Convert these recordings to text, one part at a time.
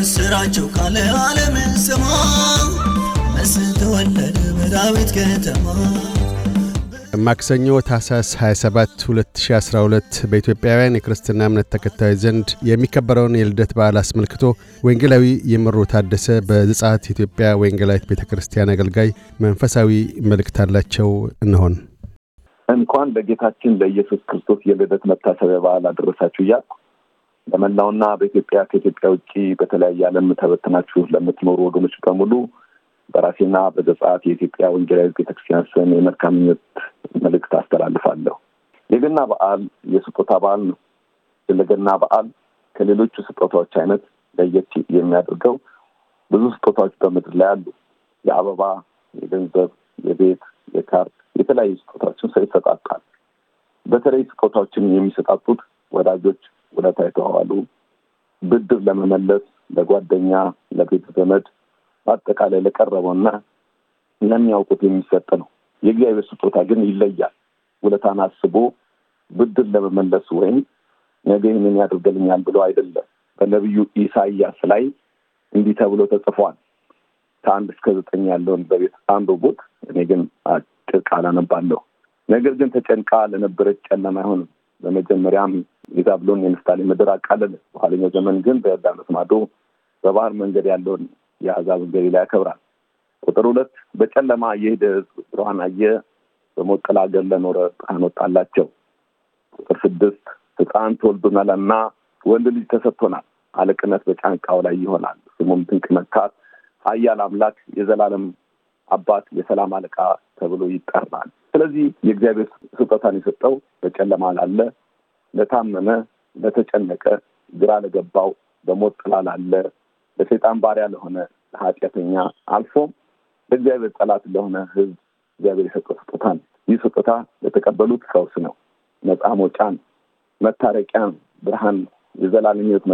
ምስራቸው ካለ ዓለምን ስማ መስህ ተወለደ በዳዊት ከተማ። ማክሰኞ ታህሳስ 27 2012 በኢትዮጵያውያን የክርስትና እምነት ተከታዮች ዘንድ የሚከበረውን የልደት በዓል አስመልክቶ ወንጌላዊ የምሩ ታደሰ በዘጸአት ኢትዮጵያ ወንጌላዊት ቤተ ክርስቲያን አገልጋይ መንፈሳዊ መልእክት አላቸው። እንሆን እንኳን ለጌታችን ለኢየሱስ ክርስቶስ የልደት መታሰቢያ በዓል አደረሳችሁ እያልኩ ለመላውና በኢትዮጵያ ከኢትዮጵያ ውጭ በተለያየ ዓለም ተበትናችሁ ለምትኖሩ ወገኖች በሙሉ በራሴና በዘጸአት የኢትዮጵያ ወንጌላዊት ቤተክርስቲያን ስም የመልካም መልእክት አስተላልፋለሁ። የገና በዓል የስጦታ በዓል ነው። ለገና በዓል ከሌሎቹ ስጦታዎች አይነት ለየት የሚያደርገው ብዙ ስጦታዎች በምድር ላይ አሉ። የአበባ፣ የገንዘብ፣ የቤት፣ የካርድ የተለያዩ ስጦታዎችን ሰው ይሰጣጣል። በተለይ ስጦታዎችን የሚሰጣጡት ወዳጆች ውለታ የተዋዋሉ ብድር ለመመለስ ለጓደኛ፣ ለቤተ ዘመድ በአጠቃላይ ለቀረበውና ለሚያውቁት የሚሰጥ ነው። የእግዚአብሔር ስጦታ ግን ይለያል። ውለታን አስቦ ብድር ለመመለስ ወይም ነገ ይህንን ያደርገልኛል ብሎ አይደለም። በነቢዩ ኢሳይያስ ላይ እንዲህ ተብሎ ተጽፏል። ከአንድ እስከ ዘጠኝ ያለውን በቤት አንብቡት። እኔ ግን አጭር ቃል አነባለሁ። ነገር ግን ተጨንቃ ለነበረች ጨለማ አይሆንም በመጀመሪያም የዛብሎን የምስታሌ ምድር አቃለለ። በኋለኛው ዘመን ግን በዮርዳኖስ ማዶ በባህር መንገድ ያለውን የአሕዛብን ገሊላ ያከብራል። ቁጥር ሁለት በጨለማ የሄደ ሕዝብ ብርሃን አየ፣ በሞት ጥላ አገር ለኖረ ብርሃን ወጣላቸው። ቁጥር ስድስት ሕፃን ተወልዶናልና ወንድ ልጅ ተሰጥቶናል፣ አለቅነት በጫንቃው ላይ ይሆናል፣ ስሙም ድንቅ መካር፣ ኃያል አምላክ፣ የዘላለም አባት፣ የሰላም አለቃ ተብሎ ይጠራል። ስለዚህ የእግዚአብሔር ስጦታን የሰጠው በጨለማ ላለ፣ ለታመመ፣ ለተጨነቀ፣ ግራ ለገባው፣ በሞት ጥላ ላለ፣ ለሰይጣን ባሪያ ለሆነ ለኃጢአተኛ፣ አልፎም ለእግዚአብሔር ጠላት ለሆነ ህዝብ እግዚአብሔር የሰጠው ስጦታ ነው። ይህ ስጦታ ለተቀበሉት ፈውስ ነው፣ ነፃ መታረቂያን ብርሃን ነው፣ የዘላለም ሕይወት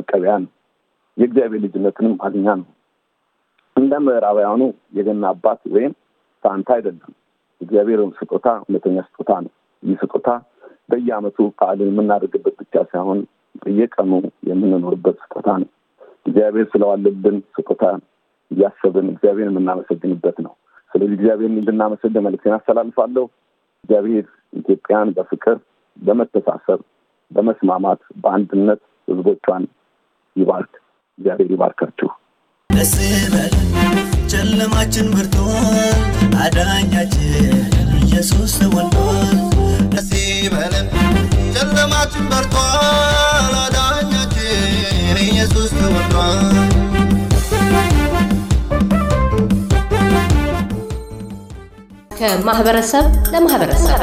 የእግዚአብሔር ልጅነትንም ማግኛ ነው። እንደ ምዕራባውያኑ የገና አባት ወይም ሳንታ አይደለም። እግዚአብሔርን ስጦታ እውነተኛ ስጦታ ነው። ይህ ስጦታ በየአመቱ በዓልን የምናደርግበት ብቻ ሳይሆን በየቀኑ የምንኖርበት ስጦታ ነው። እግዚአብሔር ስለዋለብን ስጦታ እያሰብን እግዚአብሔር የምናመሰግንበት ነው። ስለዚህ እግዚአብሔር እንድናመሰግን መልዕክቴን አስተላልፋለሁ። እግዚአብሔር ኢትዮጵያን በፍቅር በመተሳሰብ፣ በመስማማት፣ በአንድነት ህዝቦቿን ይባርክ። እግዚአብሔር ይባርካችሁ። ጨለማችን በርቷል፣ አዳኛችን ኢየሱስ ተወልዷል። ደስ ይበለን። ጨለማችን በርቷል፣ አዳኛችን ኢየሱስ ተወልዷል። ከማህበረሰብ ለማህበረሰብ